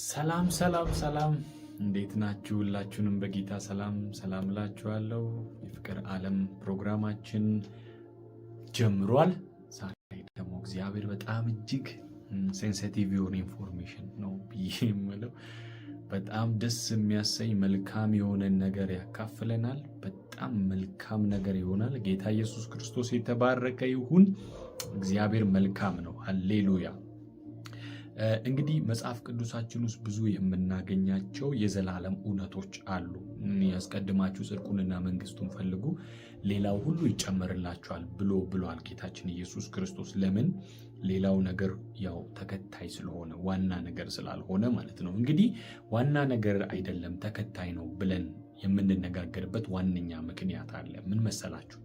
ሰላም ሰላም ሰላም፣ እንዴት ናችሁ? ሁላችሁንም በጌታ ሰላም ሰላም እላችኋለሁ። የፍቅር ዓለም ፕሮግራማችን ጀምሯል። ዛሬ ደግሞ እግዚአብሔር በጣም እጅግ ሴንሲቲቭ የሆነ ኢንፎርሜሽን ነው ብዬ የምለው በጣም ደስ የሚያሰኝ መልካም የሆነን ነገር ያካፍለናል። በጣም መልካም ነገር ይሆናል። ጌታ ኢየሱስ ክርስቶስ የተባረከ ይሁን። እግዚአብሔር መልካም ነው። አሌሉያ እንግዲህ መጽሐፍ ቅዱሳችን ውስጥ ብዙ የምናገኛቸው የዘላለም እውነቶች አሉ። ያስቀድማችሁ ጽድቁንና መንግስቱን ፈልጉ፣ ሌላው ሁሉ ይጨመርላችኋል ብሎ ብሏል ጌታችን ኢየሱስ ክርስቶስ። ለምን? ሌላው ነገር ያው ተከታይ ስለሆነ ዋና ነገር ስላልሆነ ማለት ነው። እንግዲህ ዋና ነገር አይደለም ተከታይ ነው ብለን የምንነጋገርበት ዋነኛ ምክንያት አለ። ምን መሰላችሁ?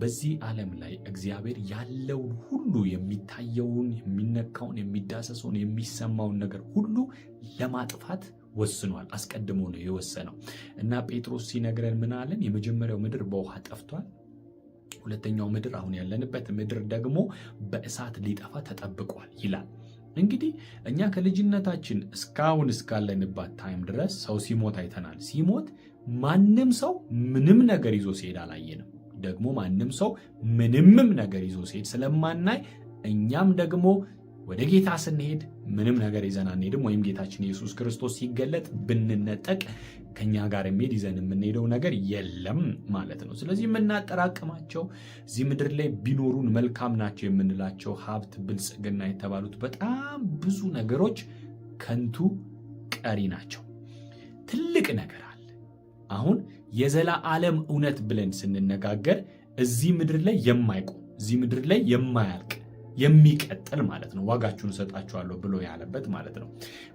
በዚህ ዓለም ላይ እግዚአብሔር ያለውን ሁሉ የሚታየውን፣ የሚነካውን፣ የሚዳሰሰውን፣ የሚሰማውን ነገር ሁሉ ለማጥፋት ወስኗል። አስቀድሞ ነው የወሰነው እና ጴጥሮስ ሲነግረን ምን አለን? የመጀመሪያው ምድር በውሃ ጠፍቷል። ሁለተኛው ምድር አሁን ያለንበት ምድር ደግሞ በእሳት ሊጠፋ ተጠብቋል ይላል። እንግዲህ እኛ ከልጅነታችን እስካሁን እስካለንባት ታይም ድረስ ሰው ሲሞት አይተናል። ሲሞት ማንም ሰው ምንም ነገር ይዞ ሲሄድ አላየንም። ደግሞ ማንም ሰው ምንምም ነገር ይዞ ሲሄድ ስለማናይ እኛም ደግሞ ወደ ጌታ ስንሄድ ምንም ነገር ይዘን አንሄድም። ወይም ጌታችን ኢየሱስ ክርስቶስ ሲገለጥ ብንነጠቅ ከኛ ጋር የሚሄድ ይዘን የምንሄደው ነገር የለም ማለት ነው። ስለዚህ የምናጠራቅማቸው እዚህ ምድር ላይ ቢኖሩን መልካም ናቸው የምንላቸው ሀብት፣ ብልጽግና የተባሉት በጣም ብዙ ነገሮች ከንቱ ቀሪ ናቸው። ትልቅ ነገር አለ አሁን የዘላ ዓለም እውነት ብለን ስንነጋገር እዚህ ምድር ላይ የማይቆም እዚህ ምድር ላይ የማያልቅ የሚቀጥል ማለት ነው። ዋጋችሁን እሰጣችኋለሁ ብሎ ያለበት ማለት ነው።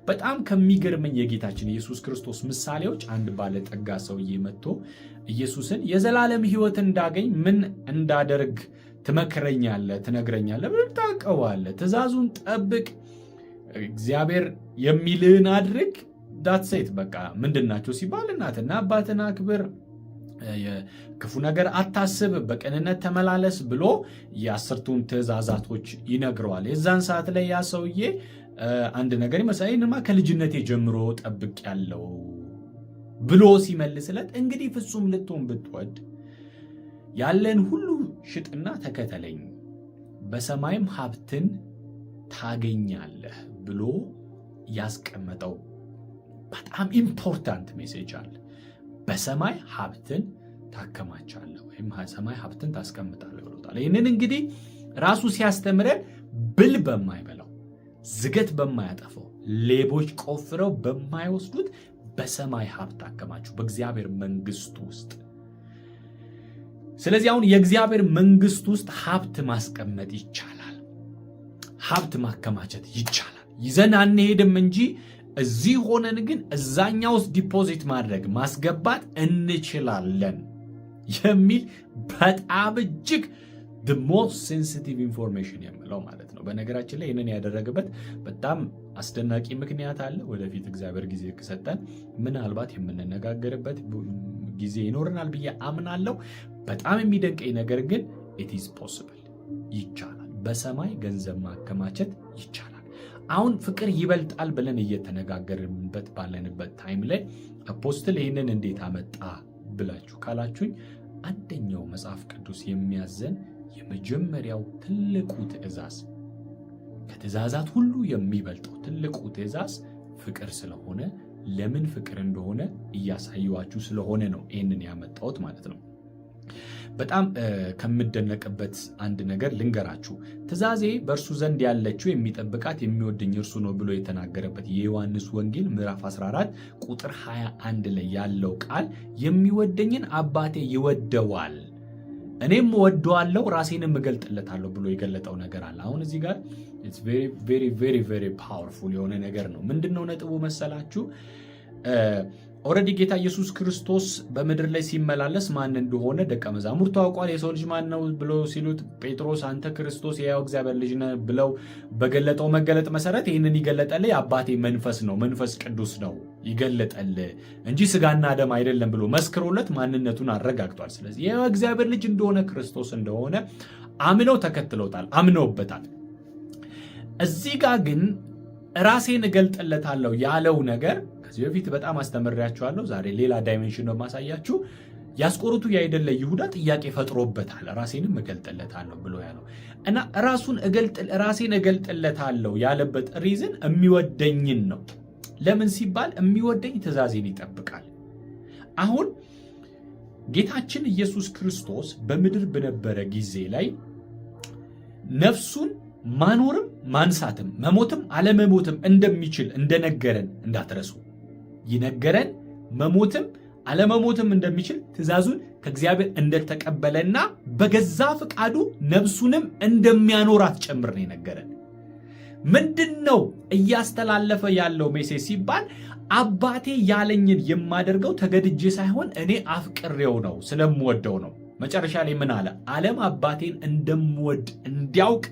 በጣም ከሚገርመኝ የጌታችን ኢየሱስ ክርስቶስ ምሳሌዎች አንድ ባለጠጋ ሰውዬ መጥቶ ኢየሱስን የዘላለም ህይወት እንዳገኝ ምን እንዳደርግ ትመክረኛለህ? ትነግረኛለህ? ምን ትእዛዙን ጠብቅ፣ እግዚአብሔር የሚልህን አድርግ ዳትሴት በቃ ምንድን ናቸው ሲባል እናትና አባትን አክብር ክፉ ነገር አታስብ፣ በቅንነት ተመላለስ ብሎ የአስርቱን ትእዛዛቶች ይነግረዋል። የዛን ሰዓት ላይ ያ ሰውዬ አንድ ነገር ይመስላል። ይህንማ ከልጅነቴ ጀምሮ ጠብቅ ያለው ብሎ ሲመልስለት እንግዲህ ፍጹም ልትሆን ብትወድ ያለን ሁሉ ሽጥና ተከተለኝ፣ በሰማይም ሀብትን ታገኛለህ ብሎ ያስቀመጠው በጣም ኢምፖርታንት ሜሴጅ አለ። በሰማይ ሀብትን ታከማቻለህ ወይም ሰማይ ሀብትን ታስቀምጣለህ ብሎታል። ይህንን እንግዲህ ራሱ ሲያስተምረን ብል በማይበላው ዝገት በማያጠፈው ሌቦች ቆፍረው በማይወስዱት በሰማይ ሀብት አከማችሁ በእግዚአብሔር መንግስት ውስጥ። ስለዚህ አሁን የእግዚአብሔር መንግስት ውስጥ ሀብት ማስቀመጥ ይቻላል፣ ሀብት ማከማቸት ይቻላል። ይዘን አንሄድም እንጂ እዚህ ሆነን ግን እዛኛ ውስጥ ዲፖዚት ማድረግ ማስገባት እንችላለን የሚል በጣም እጅግ ሞስት ሴንሲቲቭ ኢንፎርሜሽን የምለው ማለት ነው። በነገራችን ላይ ይህንን ያደረገበት በጣም አስደናቂ ምክንያት አለ። ወደፊት እግዚአብሔር ጊዜ ከሰጠን ምናልባት የምንነጋገርበት ጊዜ ይኖረናል ብዬ አምናለሁ። በጣም የሚደንቀኝ ነገር ግን ኢት ኢዝ ፖስብል ይቻላል፣ በሰማይ ገንዘብ ማከማቸት ይቻላል። አሁን ፍቅር ይበልጣል ብለን እየተነጋገርንበት ባለንበት ታይም ላይ አፖስትል ይህንን እንዴት አመጣ ብላችሁ ካላችሁኝ አንደኛው መጽሐፍ ቅዱስ የሚያዘን የመጀመሪያው ትልቁ ትእዛዝ ከትእዛዛት ሁሉ የሚበልጠው ትልቁ ትእዛዝ ፍቅር ስለሆነ ለምን ፍቅር እንደሆነ እያሳየዋችሁ ስለሆነ ነው ይህንን ያመጣሁት ማለት ነው። በጣም ከምደነቅበት አንድ ነገር ልንገራችሁ። ትዛዜ በእርሱ ዘንድ ያለችው የሚጠብቃት የሚወድኝ እርሱ ነው ብሎ የተናገረበት የዮሐንስ ወንጌል ምዕራፍ 14 ቁጥር 21 ላይ ያለው ቃል የሚወደኝን አባቴ ይወደዋል፣ እኔም እወደዋለሁ፣ ራሴንም እገልጥለታለሁ ብሎ የገለጠው ነገር አለ። አሁን እዚህ ጋር ፓወርፉል የሆነ ነገር ነው። ምንድን ነው ነጥቡ መሰላችሁ? ኦልሬዲ ጌታ ኢየሱስ ክርስቶስ በምድር ላይ ሲመላለስ ማን እንደሆነ ደቀ መዛሙርቱ አውቋል። የሰው ልጅ ማን ነው ብሎ ሲሉት ጴጥሮስ አንተ ክርስቶስ የያው እግዚአብሔር ልጅ ነ ብለው በገለጠው መገለጥ መሰረት ይህንን ይገለጠልህ የአባቴ መንፈስ ነው፣ መንፈስ ቅዱስ ነው ይገለጠልህ እንጂ ስጋና ደም አይደለም ብሎ መስክሮለት ማንነቱን አረጋግጧል። ስለዚህ የያው እግዚአብሔር ልጅ እንደሆነ ክርስቶስ እንደሆነ አምነው ተከትለውታል፣ አምነውበታል። እዚህ ጋር ግን ራሴን እገልጥለታለሁ ያለው ነገር ከዚህ በፊት በጣም አስተምሬያችኋለሁ። ዛሬ ሌላ ዳይሜንሽን ነው የማሳያችሁ። ያስቆሮቱ ያይደለ ይሁዳ ጥያቄ ፈጥሮበታል። ራሴንም እገልጥለታለሁ ብሎ ያለው እና ራሱን ራሴን እገልጥለታለሁ ያለበት ሪዝን የሚወደኝን ነው። ለምን ሲባል የሚወደኝ ትእዛዜን ይጠብቃል። አሁን ጌታችን ኢየሱስ ክርስቶስ በምድር በነበረ ጊዜ ላይ ነፍሱን ማኖርም ማንሳትም መሞትም አለመሞትም እንደሚችል እንደነገረን እንዳትረሱ። ይነገረን መሞትም አለመሞትም እንደሚችል ትእዛዙን ከእግዚአብሔር እንደተቀበለና በገዛ ፍቃዱ ነፍሱንም እንደሚያኖራት ጭምር ነው የነገረን። ምንድን ነው እያስተላለፈ ያለው ሜሴጅ ሲባል አባቴ ያለኝን የማደርገው ተገድጄ ሳይሆን እኔ አፍቅሬው ነው ስለምወደው ነው። መጨረሻ ላይ ምን አለ? ዓለም አባቴን እንደምወድ እንዲያውቅ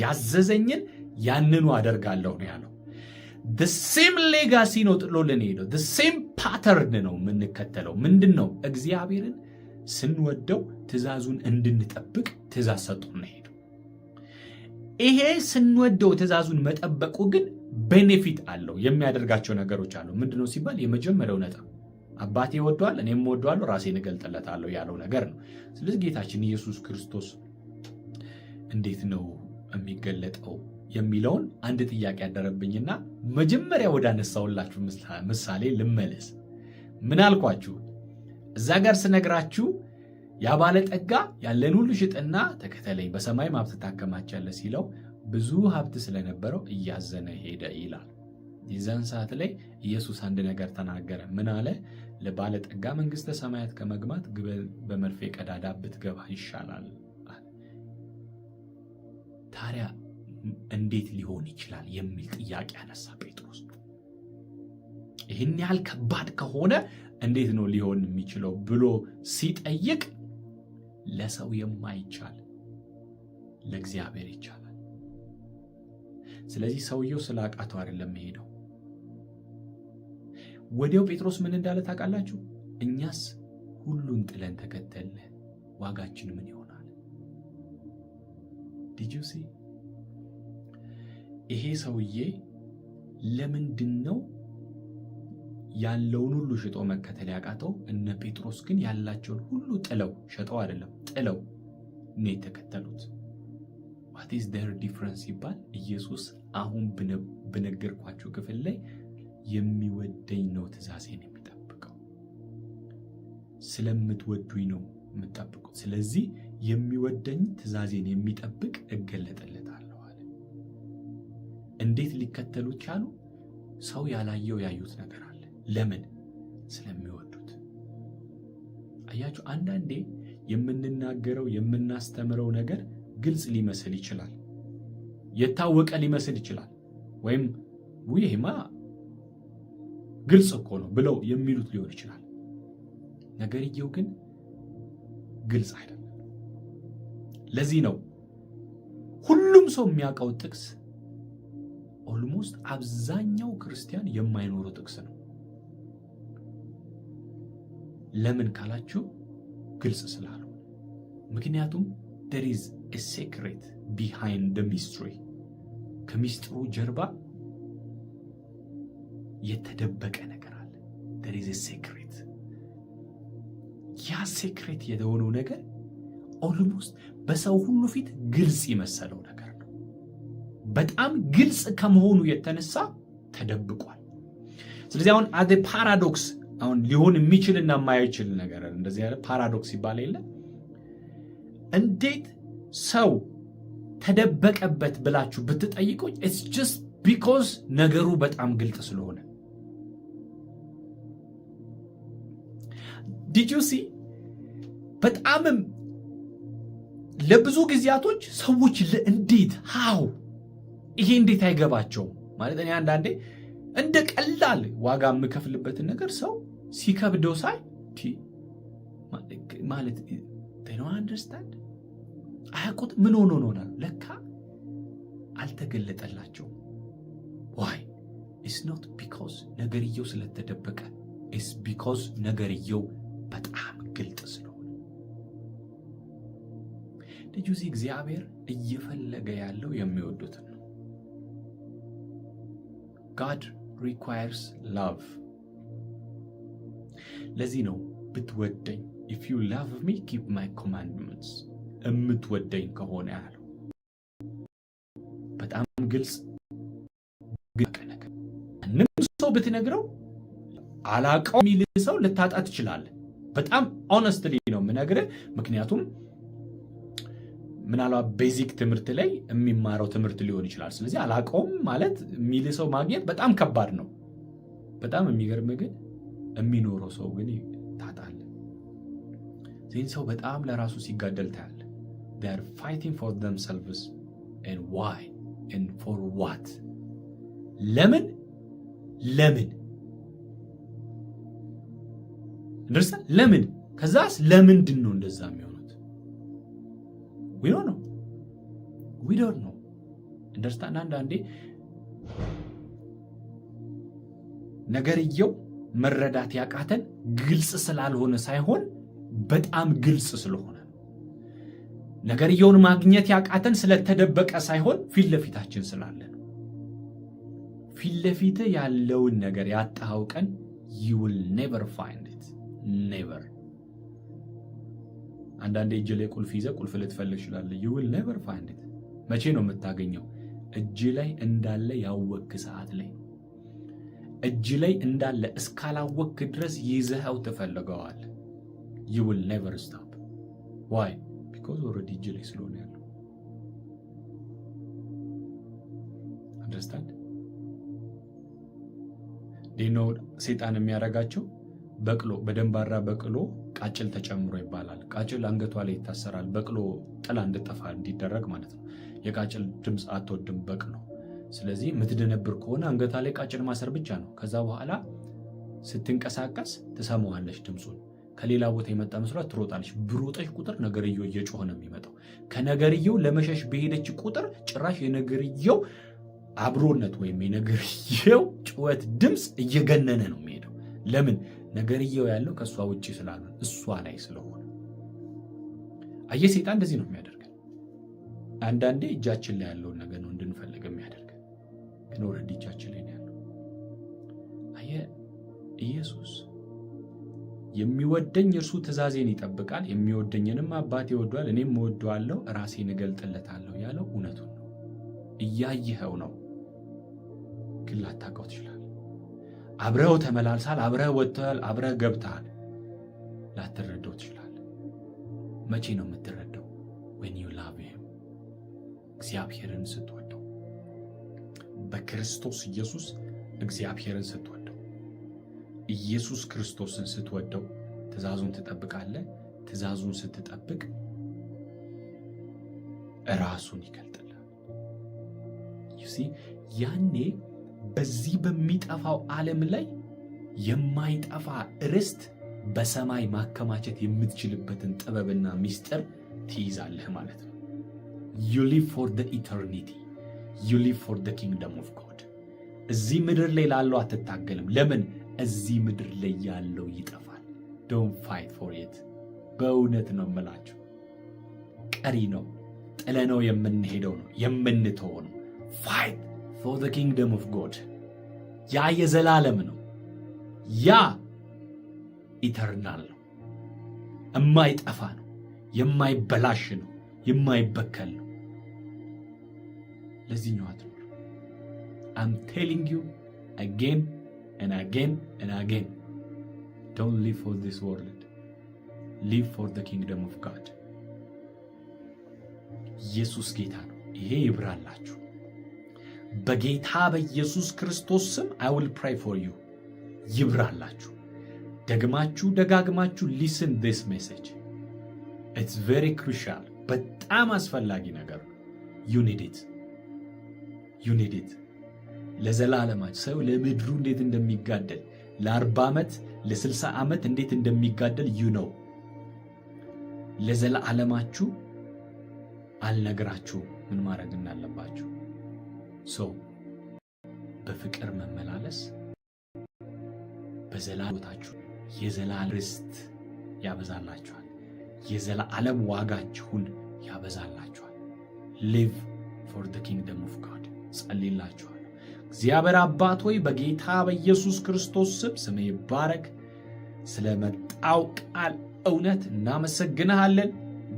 ያዘዘኝን ያንኑ አደርጋለሁ ነው ያለው። ሴም ሌጋሲ ነው ጥሎልን ሄደው። ሴም ፓተርን ነው የምንከተለው። ምንድን ነው? እግዚአብሔርን ስንወደው ትእዛዙን እንድንጠብቅ ትእዛዝ ሰጡ ሄደው። ይሄ ስንወደው ትእዛዙን መጠበቁ ግን ቤኔፊት አለው። የሚያደርጋቸው ነገሮች አሉ። ምንድነው ሲባል የመጀመሪያው ነጥብ አባቴ ወደዋል፣ እኔም ወደዋለሁ፣ ራሴን እገልጥለታለሁ ያለው ነገር ነው። ስለዚህ ጌታችን ኢየሱስ ክርስቶስ እንዴት ነው የሚገለጠው? የሚለውን አንድ ጥያቄ ያደረብኝና መጀመሪያ አነሳውላችሁ ምሳሌ ልመለስ። ምን አልኳችሁ? እዛ ጋር ስነግራችሁ ያ ባለጠጋ ያለን ሁሉ ሽጥና ተከተለኝ፣ በሰማይም ሀብት ታከማቻለ ሲለው ብዙ ሀብት ስለነበረው እያዘነ ሄደ ይላል። የዛን ሰዓት ላይ ኢየሱስ አንድ ነገር ተናገረ። ምን አለ? ለባለጠጋ መንግስተ ሰማያት ከመግባት በመርፌ ቀዳዳ ብትገባ ይሻላል። ታዲያ እንዴት ሊሆን ይችላል የሚል ጥያቄ አነሳ ጴጥሮስ። ይህን ያህል ከባድ ከሆነ እንዴት ነው ሊሆን የሚችለው ብሎ ሲጠይቅ ለሰው የማይቻል ለእግዚአብሔር ይቻላል። ስለዚህ ሰውየው ስለ አቃተው አይደለም መሄደው? ወዲያው ጴጥሮስ ምን እንዳለ ታውቃላችሁ? እኛስ ሁሉን ጥለን ተከተልን፣ ዋጋችን ምን ይሆናል? ዲጁሲ ይሄ ሰውዬ ለምንድን ነው ያለውን ሁሉ ሽጦ መከተል ያቃተው? እነ ጴጥሮስ ግን ያላቸውን ሁሉ ጥለው ሸጠው አይደለም ጥለው ነው የተከተሉት። ዋት ኢዝ ደር ዲፍረንስ ሲባል ኢየሱስ አሁን በነገርኳቸው ክፍል ላይ የሚወደኝ ነው ትእዛዜን የሚጠብቀው። ስለምትወዱኝ ነው የምጠብቁት። ስለዚህ የሚወደኝ ትእዛዜን የሚጠብቅ እገለጠለት እንዴት ሊከተሉት ቻሉ? ሰው ያላየው ያዩት ነገር አለ። ለምን? ስለሚወዱት። አያችሁ፣ አንዳንዴ የምንናገረው የምናስተምረው ነገር ግልጽ ሊመስል ይችላል፣ የታወቀ ሊመስል ይችላል። ወይም ውይህማ ግልጽ እኮ ነው ብለው የሚሉት ሊሆን ይችላል። ነገርየው ግን ግልጽ አይደለም። ለዚህ ነው ሁሉም ሰው የሚያውቀው ጥቅስ ኦልሞስት አብዛኛው ክርስቲያን የማይኖረው ጥቅስ ነው። ለምን ካላችሁ ግልጽ ስላልሆነ፣ ምክንያቱም there ሴክሬት a secret behind ከሚስጥሩ ጀርባ የተደበቀ ነገር አለ። there ያ ሴክሬት የሆነው ነገር ኦልሞስት በሰው ሁሉ ፊት ግልጽ የመሰለው ነገር በጣም ግልጽ ከመሆኑ የተነሳ ተደብቋል። ስለዚህ አሁን አ ፓራዶክስ አሁን ሊሆን የሚችልና የማይችል ነገር እንደዚህ ያለ ፓራዶክስ ይባል የለ እንዴት ሰው ተደበቀበት ብላችሁ ብትጠይቁኝ ኢትስ ጀስት ቢኮዝ ነገሩ በጣም ግልጽ ስለሆነ ዲጁሲ በጣምም ለብዙ ጊዜያቶች ሰዎች እንዴት ሀው ይሄ እንዴት አይገባቸውም? ማለት እኔ አንዳንዴ እንደ ቀላል ዋጋ የምከፍልበትን ነገር ሰው ሲከብደው ሳይ ማለት ኖ አንደርስታንድ አያውቁት ምን ሆኖ ሆናል ለካ አልተገለጠላቸው ዋይ ኢስ ኖት ቢኮዝ ነገርየው ስለተደበቀ ኢስ ቢኮዝ ነገርየው በጣም ግልጥ ስለሆነ ልጁ እዚህ እግዚአብሔር እየፈለገ ያለው የሚወዱትን ነው። ጋድ ሪኳየርስ ላቭ። ለዚህ ነው ብትወደኝ ኢፍ ዩ ላቭ ሚ ኪፕ ማይ ኮማንድመንትስ እምትወደኝ ከሆነ ያለው በጣም ግልጽ ነገር። ሰው ብትነግረው አላቀው የሚል ሰው ልታጣ ትችላለህ። በጣም ኦነስትሊ ነው የምነግርህ ምክንያቱም ምናልባት ቤዚክ ትምህርት ላይ የሚማረው ትምህርት ሊሆን ይችላል። ስለዚህ አላውቀውም ማለት የሚል ሰው ማግኘት በጣም ከባድ ነው። በጣም የሚገርም ግን የሚኖረው ሰው ግን ታጣለ። ይህን ሰው በጣም ለራሱ ሲጋደል ታያለ። ፋይቲንግ ፎር ዘምሰልቭስ ዋይ ፎር ዋት ለምን ለምን ደርሰ ለምን ከዛስ ለምንድን ነው እንደዛ የሚሆነው? ዊ ዶንት ኖው ዊ ዶንት አንዳንዴ ነገርየው መረዳት ያቃተን ግልጽ ስላልሆነ ሳይሆን በጣም ግልጽ ስለሆነ ነገርየውን ማግኘት ያቃተን ስለተደበቀ ሳይሆን ፊት ለፊታችን ስላለ ፊት ያለውን ነገር ያጣኸው ቀን ዩ ኔቨር ፋይንድ ኔቨር አንዳንዴ እጅ ላይ ቁልፍ ይዘ ቁልፍ ልትፈልግ ይችላል። ዩ ዊል ኔቨር ፋይንድ ኢት። መቼ ነው የምታገኘው? እጅ ላይ እንዳለ ያወክ ሰዓት ላይ እጅ ላይ እንዳለ እስካላወክ ድረስ ይዘኸው ትፈልገዋል። ዩ ዊል ኔቨር ስታፕ ዋይ ቢኮዝ ኦልሬዲ እጅ ላይ ስለሆነ ያለው አንደርስታንድ ዲኖ ሴጣን የሚያደርጋቸው በቅሎ በደንባራ በቅሎ ቃጭል ተጨምሮ ይባላል። ቃጭል አንገቷ ላይ ይታሰራል። በቅሎ ጥላ እንድጠፋ እንዲደረግ ማለት ነው። የቃጭል ድምፅ አትወድም በቅሎ። ስለዚህ የምትደነብር ከሆነ አንገቷ ላይ ቃጭል ማሰር ብቻ ነው። ከዛ በኋላ ስትንቀሳቀስ ትሰማዋለች ድምፁን። ከሌላ ቦታ የመጣ መስሏት ትሮጣለች። ብሮጠች ቁጥር ነገርየው እየጮኸ ነው የሚመጣው። ከነገርየው ለመሸሽ በሄደች ቁጥር ጭራሽ የነገርየው አብሮነት ወይም የነገርየው ጩኸት ድምፅ እየገነነ ነው የሚሄደው። ለምን ነገርየው ያለው ከእሷ ውጭ ስላሉ እሷ ላይ ስለሆነ አየ ሴጣን እንደዚህ ነው የሚያደርገን። አንዳንዴ እጃችን ላይ ያለውን ነገር ነው እንድንፈልግ የሚያደርገን፣ ግን ወረድ እጃችን ላይ ያለው አየ ኢየሱስ የሚወደኝ እርሱ ትእዛዜን ይጠብቃል፣ የሚወደኝንም አባት ይወደዋል፣ እኔም እወደዋለሁ፣ ራሴን እገልጥለታለሁ ያለው እውነቱን ነው። እያየኸው ነው፣ ግን ላታውቀው ትችላል አብረው ተመላልሳል፣ አብረህ ወጥተል፣ አብረህ ገብተሃል። ላትረዳው ትችላል። መቼ ነው የምትረዳው? ወን ዩ ላቭ ሂም እግዚአብሔርን ስትወደው፣ በክርስቶስ ኢየሱስ እግዚአብሔርን ስትወደው፣ ኢየሱስ ክርስቶስን ስትወደው ትእዛዙን ትጠብቃለህ። ትእዛዙን ስትጠብቅ ራሱን ይገልጥልሃል። ያኔ በዚህ በሚጠፋው ዓለም ላይ የማይጠፋ ርስት በሰማይ ማከማቸት የምትችልበትን ጥበብና ሚስጥር ትይዛለህ ማለት ነው። ዩ ሊቭ ፎር ደ ኢተርኒቲ ዩ ሊቭ ፎር ደ ኪንግደም ኦፍ እዚህ ምድር ላይ ላለው አትታገልም። ለምን? እዚህ ምድር ላይ ያለው ይጠፋል። ዶንት ፋይት ፎር ኢት። በእውነት ነው የምላችሁ፣ ቀሪ ነው ጥለነው የምንሄደው ነው የምንተወው ነው ፋይት ፎር ዘ ኪንግደም ኦፍ ጎድ ያ የዘላለም ነው። ያ ኢተርናል ነው፣ የማይጠፋ ነው፣ የማይበላሽ ነው፣ የማይበከል ነው። ለዚህኛው አትኖር። አም ቴሊንግ ዩ አጌን ኤን አጌን ኤን አጌን ዶንት ሊቭ ፎር ዚስ ወርልድ ሊቭ ፎር ዘ ኪንግደም ኦፍ ጋድ። ኢየሱስ ጌታ ነው። ይሄ ይብራላችሁ። በጌታ በኢየሱስ ክርስቶስ ስም አይ ዊል ፕሬይ ፎር ዩ ይብራላችሁ። ደግማችሁ ደጋግማችሁ ሊስን ዲስ ሜሴጅ ኢትስ ቨሪ ክሩሻል። በጣም አስፈላጊ ነገር ዩ ኒድ ለዘላለማች ሰው ለምድሩ እንዴት እንደሚጋደል ለ40 ዓመት ለ60 ዓመት እንዴት እንደሚጋደል ዩ ነው። ለዘላለማችሁ አልነግራችሁ ምን ማድረግ እንዳለባችሁ ሰው በፍቅር መመላለስ በዘላለም ሕይወታችሁ የዘላለም ርስት ያበዛላችኋል። የዘላለም ዋጋችሁን ያበዛላችኋል። ሊቭ ፎር ዘ ኪንግደም ኦፍ ጋድ ጸልላችኋል። እግዚአብሔር አባት ሆይ በጌታ በኢየሱስ ክርስቶስ ስም ስም ይባረክ። ስለመጣው ቃል እውነት እናመሰግንሃለን።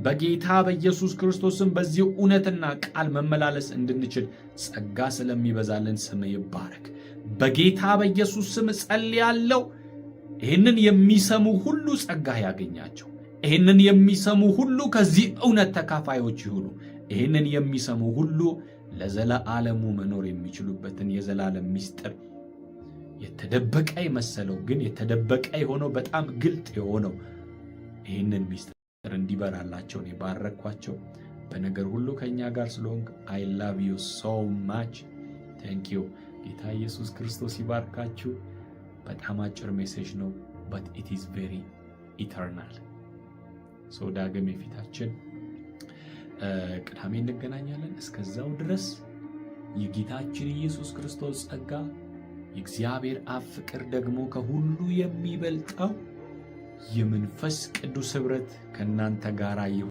በጌታ በኢየሱስ ክርስቶስም በዚህ እውነትና ቃል መመላለስ እንድንችል ጸጋ ስለሚበዛልን ስም ይባረክ። በጌታ በኢየሱስ ስም ጸልያለሁ። ይህንን የሚሰሙ ሁሉ ጸጋ ያገኛቸው። ይህንን የሚሰሙ ሁሉ ከዚህ እውነት ተካፋዮች ይሁኑ። ይህንን የሚሰሙ ሁሉ ለዘለዓለሙ መኖር የሚችሉበትን የዘላለም ምስጢር የተደበቀ የመሰለው ግን የተደበቀ የሆነው በጣም ግልጥ የሆነው ይህንን ምስጢር ፍቅር እንዲበራላቸው ነው የባረኳቸው። በነገር ሁሉ ከእኛ ጋር ስለሆንክ አይ ላቭ ዩ ሶ ማች ታንክ ዩ። ጌታ ኢየሱስ ክርስቶስ ይባርካችሁ። በጣም አጭር ሜሴጅ ነው በት ኢት ኢዝ ቬሪ ኢተርናል። ሰው ዳግም የፊታችን ቅዳሜ እንገናኛለን። እስከዛው ድረስ የጌታችን ኢየሱስ ክርስቶስ ጸጋ፣ የእግዚአብሔር አብ ፍቅር ደግሞ ከሁሉ የሚበልጠው የመንፈስ ቅዱስ ኅብረት ከእናንተ ጋር ይሁን።